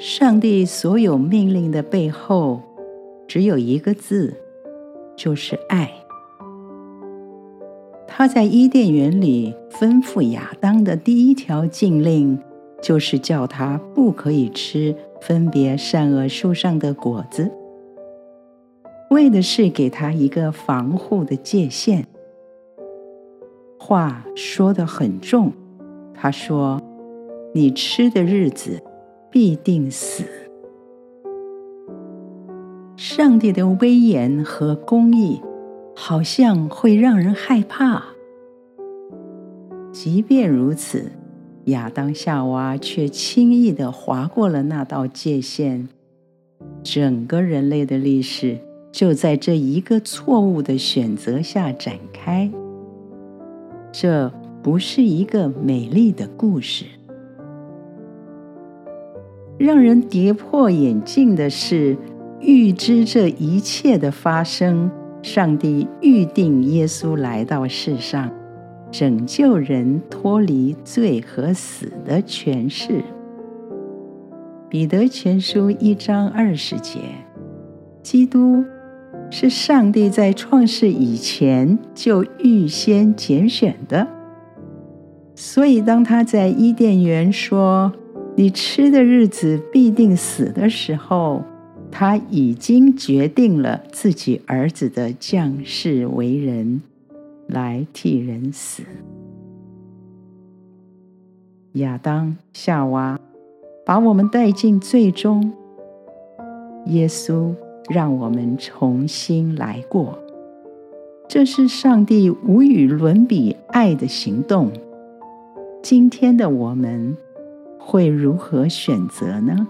上帝所有命令的背後，只有一個字，就是愛。他在伊甸園裡吩咐亞當的第一條禁令，就是叫他不可以吃分別善惡樹上的果子，為的是給他一個防護的界限。話說得很重，他說：“你吃的日子。”必定死。上帝的威嚴和公義好像會讓人害怕，即便如此，亞當夏娃卻輕易地劃過了那道界限。整個人類的歷史就在這一個錯誤的選擇下展開。這不是一個美麗的故事。讓人跌破眼鏡的是，預知這一切的發生，上帝預定耶穌來到世上，拯救人脫離罪和死的權勢。彼得前書一章二十節，基督是上帝在創世以前就預先揀選的，所以當他在伊甸園說。你吃的日子必定死的時候，他已經決定了自己兒子的降世為人，來替人死。亞當、夏娃把我們帶進罪中，耶穌讓我們重新來過，這是上帝無與倫比愛的行動。今天的我們。會如何選擇呢？